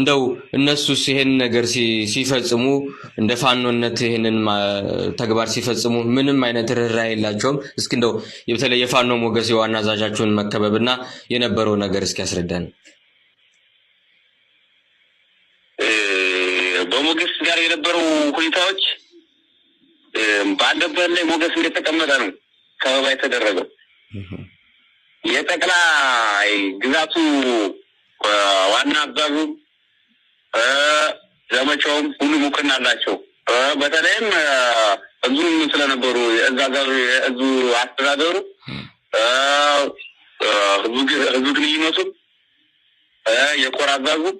እንደው እነሱስ ይሄን ነገር ሲፈጽሙ እንደ ፋኖነት ይህንን ተግባር ሲፈጽሙ ምንም አይነት ርኅራ የላቸውም። እስኪ እንደው በተለይ የፋኖ ሞገስ የዋና አዛዣቸውን መከበብ እና የነበረው ነገር እስኪ ያስረዳን። በሞገስ ጋር የነበረው ሁኔታዎች በአንድ ላይ ሞገስ እንደተቀመጠ ነው ከበባ የተደረገው የጠቅላይ ግዛቱ ዋና አዛዡ ዘመቻውም ሁሉ ሙክና አላቸው። በተለይም እዙም ስለነበሩ የእዛ የእዙ አስተዳደሩ ህዝብ ግንኙነቱም የኮር አዛዙም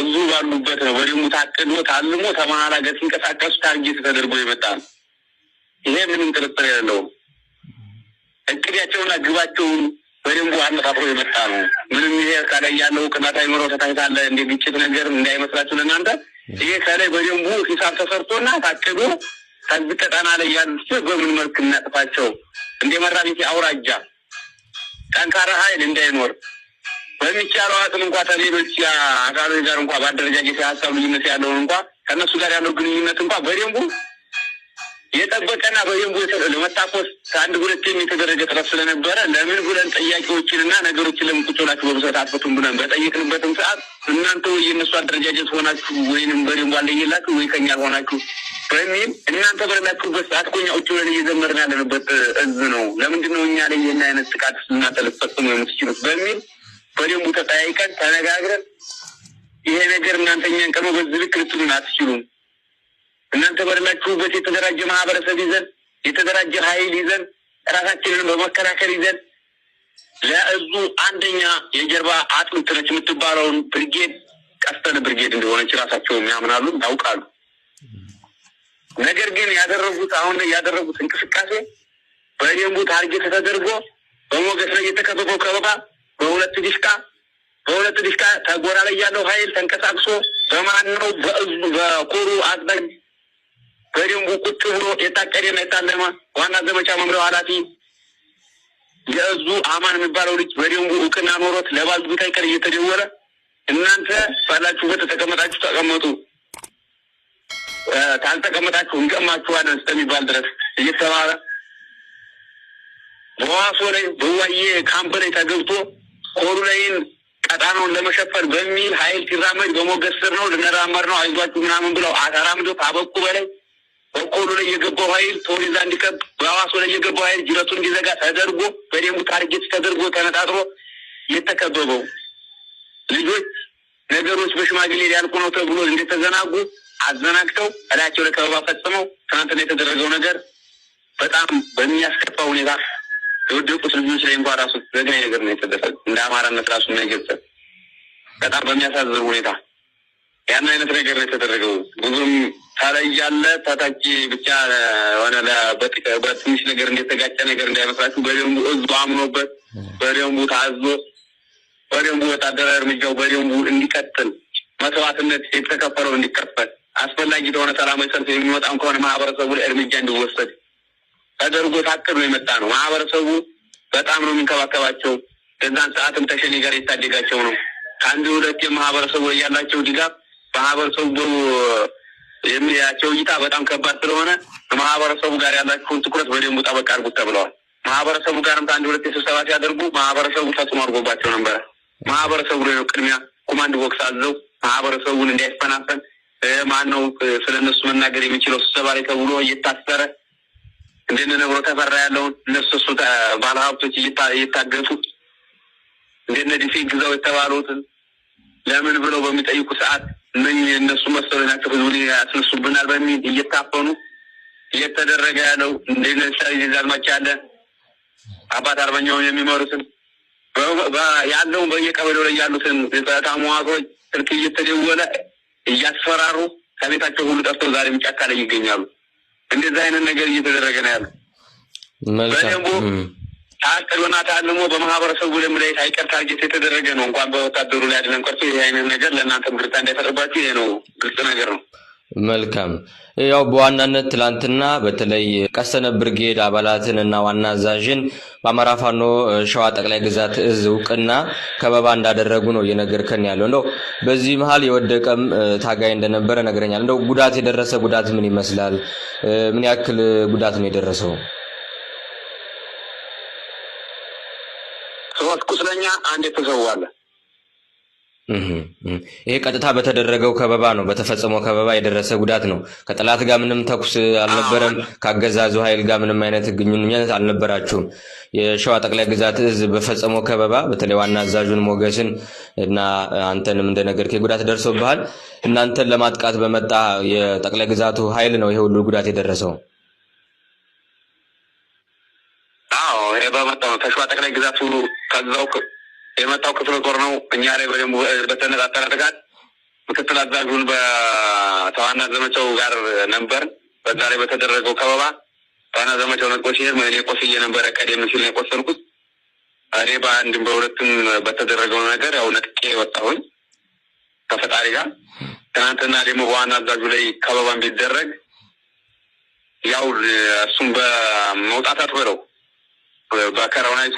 እዙ ባሉበት ነው በደንቡ ታቅዶ ታልሞ ተመሀላ ገት ሲንቀሳቀሱ ታርጌት ተደርጎ የመጣ ነው። ይሄ ምንም ጥርጥር የለውም። እቅዳቸውና ግባቸውን በደንቡ አመሳፍሮ የመጣ ነው። ምንም ይሄ ከላይ ያለው ቅናጣ ይኖረው ተታይታለ እንደ ግጭት ነገር እንዳይመስላችሁ ለእናንተ ይሄ ከላይ በደንቡ ሂሳብ ተሰርቶና ታቅዶ ከዚህ ቀጠና ላይ ያሉት በምን መልክ እናጥፋቸው፣ እንደ መራቤቴ አውራጃ ጠንካራ ኃይል እንዳይኖር በሚቻለው አቅም እንኳ ከሌሎች አካሎች ጋር እንኳ በአደረጃጀት የሀሳብ ልዩነት ያለውን እንኳ ከእነሱ ጋር ያለው ግንኙነት እንኳ በደንቡ የጠበቀና በደንብ ለመታኮስ ከአንድ ሁለት የተደረገ ጥረት ስለነበረ ለምን ብለን ጥያቄዎችንና ነገሮችን ለምን ቁጭ በብሰት አትፈቱም ብለን በጠየቅንበትም ሰዓት እናንተ ወይ የእነሱ አደረጃጀት ሆናችሁ ወይንም በደንቡ አለየላችሁ ወይ ከኛ ሆናችሁ በሚል እናንተ በለላችሁበት ሰዓት እኮ ብለን እየዘመርን ያለንበት እዝ ነው። ለምንድን ነው እኛ ላይ ይህን አይነት ጥቃት እናንተ ልትፈጽሙ የምትችሉት? በሚል በደንቡ ተጠያይቀን ተነጋግረን ይሄ ነገር እናንተኛን እኛን በዚህ ልክ ልትሉን አትችሉም እናንተ ባላችሁበት የተደራጀ ማህበረሰብ ይዘን የተደራጀ ኃይል ይዘን ራሳችንን በመከላከል ይዘን ለእዙ አንደኛ የጀርባ አጥንት ነች የምትባለውን ብርጌድ ቀስተን ብርጌድ እንደሆነች ራሳቸውን ያምናሉ ያውቃሉ። ነገር ግን ያደረጉት አሁን ያደረጉት እንቅስቃሴ በደንቡ ታርጌት ተደርጎ በሞገስ ላይ የተከፈፈው ከበባ በሁለት ዲሽቃ በሁለት ዲሽቃ ተጎራ ላይ ያለው ኃይል ተንቀሳቅሶ በማን ነው በእዙ በኮሩ አቅዳጅ በደንቡ ቁጭ ብሎ የታቀደና የታለመ ዋና ዘመቻ መምሪያው ኃላፊ የእዙ አማን የሚባለው ልጅ በደንቡ እውቅና ኖሮት ለባልጉታይ ቀን እየተደወለ እናንተ ባላችሁበት ተቀመጣችሁ ተቀመጡ ካልተቀመጣችሁ እንቀማችኋለን እስከሚባል ድረስ እየተባለ በዋሶ ላይ በዋዬ ካምፕ ላይ ተገብቶ ኮሩ ላይን ቀጣናውን ለመሸፈን በሚል ኃይል ሲራመድ በሞገስ ስር ነው ልንራመድ ነው አይዟችሁ ምናምን ብለው አራምዶ ካበቁ በላይ ላይ የገባው ኃይል ቶሪዛ እንዲቀብ በሐዋሶ ላይ የገባው ኃይል ጅረቱን እንዲዘጋ ተደርጎ በደንቡ ታርጌት ተደርጎ ተነጣጥሮ የተከበበው ልጆች ነገሮች በሽማግሌ ሊያልቁ ነው ተብሎ እንደተዘናጉ አዘናግተው እላቸው ለከበባ ከበባ ፈጽመው ትናንትና የተደረገው ነገር በጣም በሚያስከፋ ሁኔታ የወደቁት ልጆች ላይ እንኳ ራሱ ዘግናኝ ነገር ነው የተደረገ። እንደ አማራነት ራሱ የሚያገጸ በጣም በሚያሳዝን ሁኔታ ያን አይነት ነገር ነው የተደረገው ብዙም ታረጃለ ታታቂ ብቻ ሆነ በትንሽ ነገር እንደተጋጨ ነገር እንዳይመስላችሁ። በደንቡ እዙ አምኖበት፣ በደንቡ ታዞ፣ በደንቡ ወታደራዊ እርምጃው በደንቡ እንዲቀጥል መስዋዕትነት የተከፈለው እንዲከፈል አስፈላጊ ለሆነ ሰላማዊ ሰልፍ የሚወጣም ከሆነ ማህበረሰቡ ላይ እርምጃ እንዲወሰድ ተደርጎ ታቅዶ የመጣ ነው። ማህበረሰቡ በጣም ነው የሚንከባከባቸው። ከዛን ሰዓትም ተሸኔ ጋር የታደጋቸው ነው። ከአንድ ሁለት የማህበረሰቡ ላይ ያላቸው ድጋፍ ማህበረሰቡ የምንያቸው እይታ በጣም ከባድ ስለሆነ ከማህበረሰቡ ጋር ያላቸውን ትኩረት በደንብ ጠበቅ አድርጉት ተብለዋል። ማህበረሰቡ ጋርም ከአንድ ሁለት የስብሰባ ሲያደርጉ ማህበረሰቡ ተጽዕኖ አድርጎባቸው ነበረ። ማህበረሰቡ ላይ ነው ቅድሚያ ኮማንድ ቦክስ አዘው ማህበረሰቡን እንዳይፈናፈን ማን ነው ስለ እነሱ መናገር የሚችለው ስብሰባ ላይ ተብሎ እየታሰረ እንደነ ነብሮ ተፈራ ያለውን እነሱ እሱ ባለሀብቶች እየታገቱ እንደነ ዲፌ ግዛው የተባሉትን ለምን ብለው በሚጠይቁ ሰዓት ምን እነሱ መሰሉ ናቸው ህዝቡን ያስነሱብናል በሚል እየታፈኑ እየተደረገ ያለው እንደዛዝማች ያለ አባት አርበኛውን የሚመሩትን ያለውን በየቀበሌው ላይ ያሉትን የጸጥታ መዋቶች ስልክ እየተደወለ እያስፈራሩ ከቤታቸው ሁሉ ጠፍቶ ዛሬም ጫካ ላይ ይገኛሉ። እንደዚህ አይነት ነገር እየተደረገ ነው ያሉ በደንቡ ታቅዶና ታልሞ በማህበረሰቡ ደም ላይ ሳይቀር ታርጌት የተደረገ ነው። እንኳን በወታደሩ ላይ አይደለም ቀርቶ ይህ አይነት ነገር ለእናንተ ብርታ እንዳይፈጥርባችሁ ይሄ ነው ግልጽ ነገር ነው። መልካም ያው በዋናነት ትላንትና በተለይ ቀሰነ ብርጌድ አባላትን እና ዋና አዛዥን በአማራ ፋኖ ሸዋ ጠቅላይ ግዛት እዝ እውቅና ከበባ እንዳደረጉ ነው እየነገርከን ያለው። እንደው በዚህ መሀል የወደቀም ታጋይ እንደነበረ ነገረኛል። እንደው ጉዳት የደረሰ ጉዳት ምን ይመስላል? ምን ያክል ጉዳት ነው የደረሰው? ሶስት ቁስለኛ አንድ የተሰዋለ። ይሄ ቀጥታ በተደረገው ከበባ ነው፣ በተፈጸመው ከበባ የደረሰ ጉዳት ነው። ከጠላት ጋር ምንም ተኩስ አልነበረም። ከአገዛዙ ኃይል ጋር ምንም አይነት ግንኙነት አልነበራችሁም። የሸዋ ጠቅላይ ግዛት እዝ በፈጸመው ከበባ በተለይ ዋና አዛዡን ሞገስን እና አንተንም እንደነገርከኝ ጉዳት ደርሶብሃል። እናንተን ለማጥቃት በመጣ የጠቅላይ ግዛቱ ኃይል ነው ይሄ ሁሉ ጉዳት የደረሰው። ይሄ በመጣው ነው ተሸዋ ጠቅላይ ግዛት ሁሉ ከዛው የመጣው ክፍለ ጦር ነው። እኛ ላይ በደንቡ በተነጣጠረ ጥቃት ምክትል አዛዡን በተዋና ዘመቻው ጋር ነበር። በዛ ላይ በተደረገው ከበባ ተዋና ዘመቻው ነጥቆ ሲሄድ እኔ ቆስዬ ነበረ። ቀደም ሲል ነው የቆሰልኩት። እኔ በአንድም በሁለትም በተደረገው ነገር ያው ነጥቄ ወጣሁኝ ከፈጣሪ ጋር። ትናንትና ደግሞ በዋና አዛዡ ላይ ከበባ ቢደረግ ያው እሱም በመውጣት አትበለው በከራውን አይቶ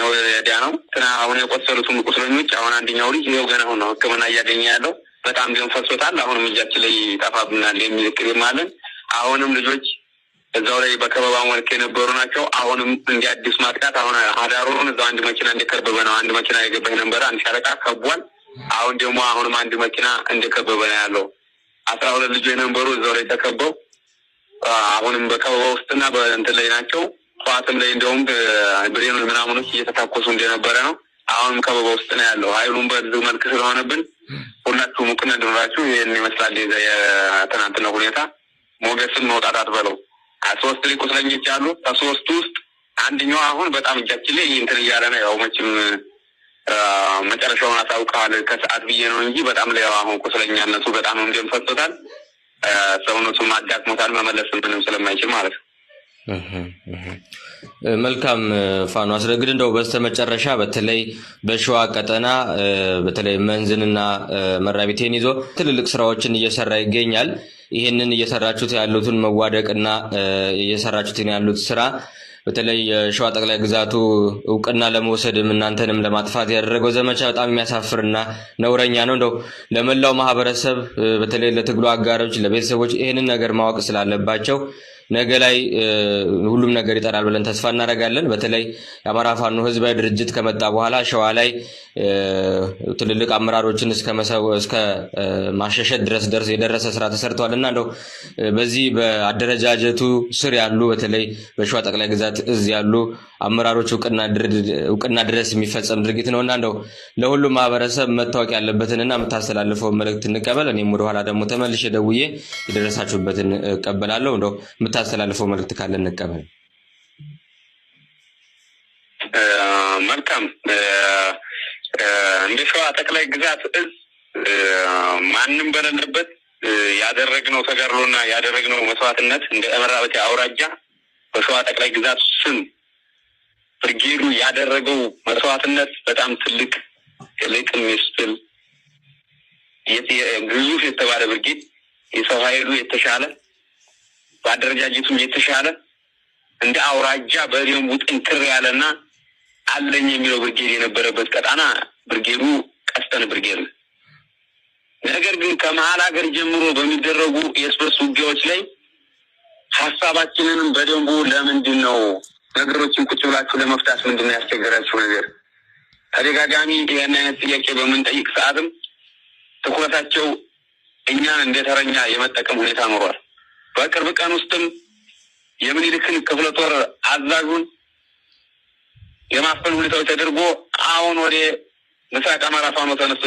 ነው ዳ ነው ትና አሁን የቆሰሉትን ቁስለኞች አሁን አንደኛው ልጅ ነው ገና አሁን ህክምና እያገኘ ያለው በጣም ቢሆን ፈሶታል። አሁንም እጃችን ላይ ጠፋብናል የሚል ቅሬታ አለን። አሁንም ልጆች እዛው ላይ በከበባ መልክ የነበሩ ናቸው። አሁንም እንደ አዲስ ማጥቃት አሁን አዳሩን እዛው አንድ መኪና እንደከበበ ነው። አንድ መኪና የገባኝ ነበረ አንድ ሻለቃ ከቧል። አሁን ደግሞ አሁንም አንድ መኪና እንደከበበ ነው ያለው። አስራ ሁለት ልጆች የነበሩ እዛው ላይ ተከበው አሁንም በከበባ ውስጥና በእንትን ላይ ናቸው። ጠዋትም ላይ እንደውም ብሬኑን ምናምኖች እየተታኮሱ እንደነበረ ነው። አሁንም ከበባ ውስጥ ነው ያለው። ሀይሉን በዚህ መልክ ስለሆነብን ሁላችሁ ሙቅነ ድኖራችሁ ይህን ይመስላል የትናንትና ሁኔታ። ሞገስን መውጣት አትበለው። ሶስት ላይ ቁስለኞች አሉ። ከሶስቱ ውስጥ አንድኛው አሁን በጣም እጃችን ላይ እንትን እያለ ነው። ያው መቼም መጨረሻውን አሳውቀዋል ከሰዓት ብዬ ነው እንጂ በጣም ላይ አሁን ቁስለኛነቱ በጣም እንደምፈቶታል። ሰውነቱ ማዳክሞታል። መመለስ ምንም ስለማይችል ማለት ነው። መልካም ፋኖ አስረግድ እንደው በስተመጨረሻ በተለይ በሸዋ ቀጠና በተለይ መንዝንና መራቢቴን ይዞ ትልልቅ ስራዎችን እየሰራ ይገኛል። ይህንን እየሰራችሁት ያሉትን መዋደቅና እየሰራችሁትን ያሉት ስራ በተለይ የሸዋ ጠቅላይ ግዛቱ እውቅና ለመውሰድም እናንተንም ለማጥፋት ያደረገው ዘመቻ በጣም የሚያሳፍርና ነውረኛ ነው። እንደው ለመላው ማህበረሰብ በተለይ ለትግሉ አጋሮች፣ ለቤተሰቦች ይህንን ነገር ማወቅ ስላለባቸው ነገ ላይ ሁሉም ነገር ይጠራል ብለን ተስፋ እናደርጋለን። በተለይ የአማራ ፋኖ ህዝባዊ ድርጅት ከመጣ በኋላ ሸዋ ላይ ትልልቅ አመራሮችን እስከ ማሸሸት ድረስ ደርስ የደረሰ ስራ ተሰርተዋል እና እንደው በዚህ በአደረጃጀቱ ስር ያሉ በተለይ በሸዋ ጠቅላይ ግዛት እዝ ያሉ አመራሮች እውቅና ድረስ የሚፈጸም ድርጊት ነው እና እንደው ለሁሉም ማህበረሰብ መታወቅ እና የምታስተላልፈውን መልእክት እንቀበል። እኔም ወደኋላ ደግሞ ተመልሼ ደውዬ የደረሳችሁበትን እቀበላለሁ እንደው የምታስተላልፈው መልክት ካለ እንቀበል። መልካም። እንደ ሸዋ ጠቅላይ ግዛት እዝ ማንም በሌለበት ያደረግነው ተጋድሎና ያደረግነው መስዋዕትነት እንደ እመራበት አውራጃ በሸዋ ጠቅላይ ግዛት ስም ብርጌዱ ያደረገው መስዋዕትነት በጣም ትልቅ ልቅም የሚስጥል ግዙፍ የተባለ ብርጌድ የሰው ኃይሉ የተሻለ በአደረጃጀቱም የተሻለ እንደ አውራጃ በደንቡ ጥንክር ያለና አለኝ የሚለው ብርጌድ የነበረበት ቀጣና ብርጌዱ ቀስተን ብርጌድ ነው። ነገር ግን ከመሀል ሀገር ጀምሮ በሚደረጉ የስበርስ ውጊያዎች ላይ ሀሳባችንንም በደንቡ ለምንድን ነው ነገሮችን ቁጭ ብላችሁ ለመፍታት ምንድን ነው ያስቸገራችሁ ነገር? ተደጋጋሚ ይህን አይነት ጥያቄ በምንጠይቅ ሰዓትም ትኩረታቸው እኛን እንደ ተረኛ የመጠቀም ሁኔታ ኑሯል። በቅርብ ቀን ውስጥም የምኒልክን ክፍለ ጦር አዛዡን የማፈን ሁኔታዎች ተደርጎ አሁን ወደ ምስራቅ አማራ ፋኖ ተነሱ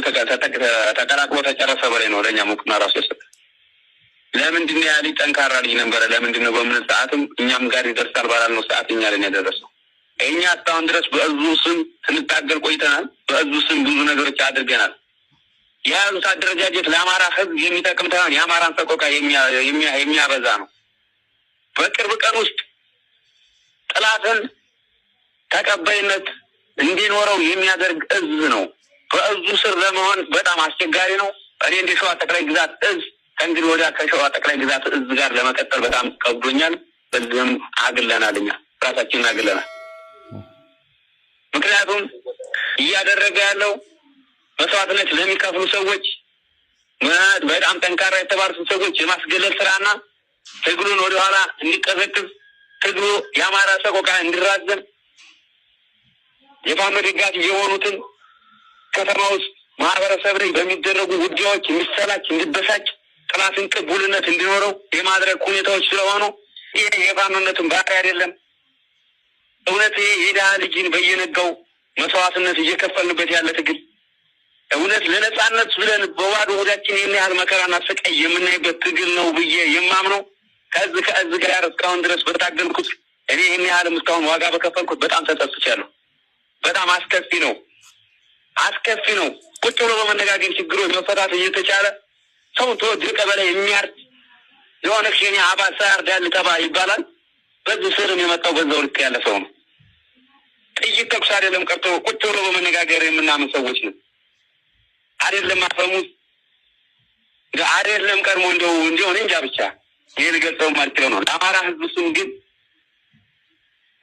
ተቀላቅሎ ተጨረሰ በላይ ነው። ለእኛ ሙቅና ራሱ የሰጠ ለምንድን ነው ያሊ ጠንካራ ልጅ ነበረ። ለምንድን ነው በምን ሰዓትም እኛም ጋር ይደርሳል ነው ሰዓት እኛ ለን ያደረሰው እኛ እስካሁን ድረስ በእዙ ስም ስንታገል ቆይተናል። በእዙ ስም ብዙ ነገሮች አድርገናል። ያሉት አደረጃጀት ለአማራ ህዝብ የሚጠቅም ታይሆን የአማራን ሰቆቃ የሚያበዛ ነው። በቅርብ ቀን ውስጥ ጥላትን ተቀባይነት እንዲኖረው የሚያደርግ እዝ ነው። በእዙ ስር ለመሆን በጣም አስቸጋሪ ነው። እኔ እንደ ሸዋ ጠቅላይ ግዛት እዝ ከእንግዲህ ወዲያ ከሸዋ ጠቅላይ ግዛት እዝ ጋር ለመቀጠል በጣም ከብዶኛል። በዚህም አግለናል፣ እኛ ራሳችንን አግለናል። ምክንያቱም እያደረገ ያለው መስዋዕትነት ለሚከፍሉ ሰዎች በጣም ጠንካራ የተባሉትን ሰዎች የማስገለል ስራና ትግሉን ወደኋላ እንዲቀዘቅዝ ትግሉ የአማራ ሰቆቃ እንዲራዘም የፋኖ ደጋፊ የሆኑትን ከተማ ውስጥ ማህበረሰብ ላይ በሚደረጉ ውጊያዎች እንዲሰላች፣ እንዲበሳጭ፣ ጥላትን ቅቡልነት እንዲኖረው የማድረግ ሁኔታዎች ስለሆኑ ይህ የፋኖነትን ባህሪ አይደለም። እውነት ይህ የድሃ ልጅን በየነጋው መስዋዕትነት እየከፈልንበት ያለ ትግል እውነት ለነጻነት ብለን በባዶ ሆዳችን ይህን ያህል መከራና ስቃይ የምናይበት ትግል ነው ብዬ የማምነው ከዚ ከዚ ጋር እስካሁን ድረስ በታገልኩት እኔ ይህን ያህልም እስካሁን ዋጋ በከፈልኩት በጣም ተጸጽቻለሁ። በጣም አስከፊ ነው፣ አስከፊ ነው። ቁጭ ብሎ በመነጋገር ችግሮች መፈታት እየተቻለ ሰውን ተወድ ቀበላይ የሚያርድ የሆነ አባ ሳያር ሳያርዳል ተባ ይባላል። በዚህ ስርም የመጣው በዛው ልክ ያለ ሰው ነው። ጥይት ተኩስ አይደለም ቀርቶ ቁጭ ብሎ በመነጋገር የምናምን ሰዎች ነው። አይደለም አፈሙዝ አይደለም ቀድሞ እንደው እንደው እኔ እንጃ ብቻ ይህን ልገልጸው ማልችለው ነው። ለአማራ ህዝብ ስም ግን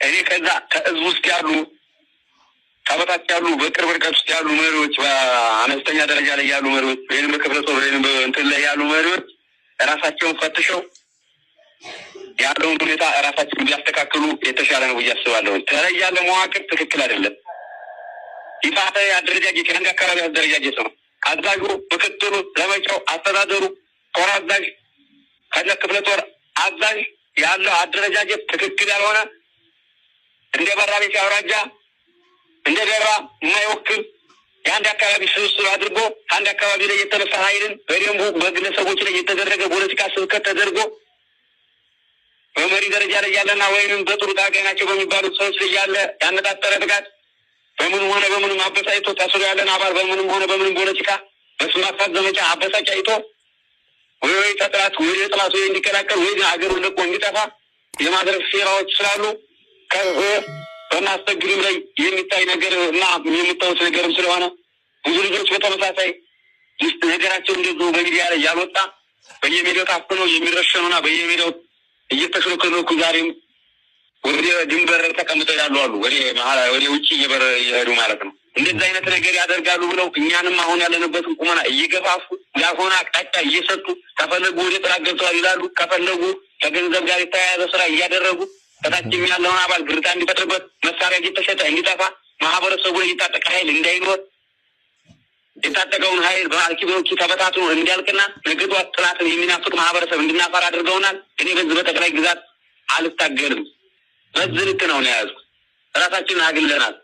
እኔ ከዛ ከህዝብ ውስጥ ያሉ ከበታች ያሉ በቅርብ ርቀት ውስጥ ያሉ መሪዎች፣ በአነስተኛ ደረጃ ላይ ያሉ መሪዎች ወይም በክፍለ ጦር ወይም በእንትን ላይ ያሉ መሪዎች እራሳቸውን ፈትሸው ያለውን ሁኔታ እራሳቸውን ቢያስተካክሉ የተሻለ ነው ብዬ አስባለሁ። ተለይ መዋቅር ትክክል አይደለም። ይፋ አደረጃጀት የአንድ አካባቢ አደረጃጀት ነው። አዛዡ፣ ምክትሉ፣ ዘመቻው፣ አስተዳደሩ፣ ጦር አዛዥ፣ ክፍለ ጦር አዛዥ ያለው አደረጃጀት ትክክል ያልሆነ እንደ በራቤት አውራጃ እንደ ደራ የማይወክል የአንድ አካባቢ ስብስብ አድርጎ አንድ አካባቢ ላይ የተነሳ ኃይልን በደንቡ በግለሰቦች ላይ የተደረገ ፖለቲካ ስብከት ተደርጎ በመሪ ደረጃ ላይ ያለና ወይም በጥሩ ታጋይ ናቸው በሚባሉት ሰዎች ላይ ያለ ያነጣጠረ ጥቃት በምንም ሆነ በምንም አበሳጭቶ ጠስሎ ያለን አባል በምንም ሆነ በምንም ፖለቲካ በስም ማጥፋት ዘመቻ አበሳጭቶ ወይ ወይ ተጥላት ወይ ጥላት ወይ እንዲቀላቀል ወይ ሀገሩን ለቆ እንዲጠፋ የማድረግ ሴራዎች ስላሉ ከህ በማስተግድም ላይ የሚታይ ነገር እና የምታወስ ነገርም ስለሆነ ብዙ ልጆች በተመሳሳይ ነገራቸው እንደዙ በሚዲያ ላይ ያልወጣ በየሜዲያው ታፍነው የሚረሸኑና በየሜዲያው እየተሽለከለኩ ዛሬም ወደ ድንበር ተቀምጠው ያሉ አሉ። ወደ ወደ ውጭ እየበረ እየሄዱ ማለት ነው። እንደዚህ አይነት ነገር ያደርጋሉ ብለው እኛንም አሁን ያለንበትን ቁመና እየገፋፉ ያልሆነ አቅጣጫ እየሰጡ ከፈለጉ ወደ ጥራ ገብተዋል ይላሉ። ከፈለጉ ከገንዘብ ጋር የተያያዘ ስራ እያደረጉ ከታችም ያለውን አባል ግርታ እንዲፈጥርበት መሳሪያ እየተሸጠ እንዲጠፋ ማህበረሰቡን እየታጠቀ ኃይል እንዳይኖር የታጠቀውን ኃይል በአልኪ ተበታትኖ እንዲያልቅና ነገዷ ጥላትን የሚናፍቅ ማህበረሰብ እንድናፈር አድርገውናል። እኔ በዚህ በጠቅላይ ግዛት አልታገልም። በዚህ ነው ነው የያዝኩት። ራሳችንን አግለናል።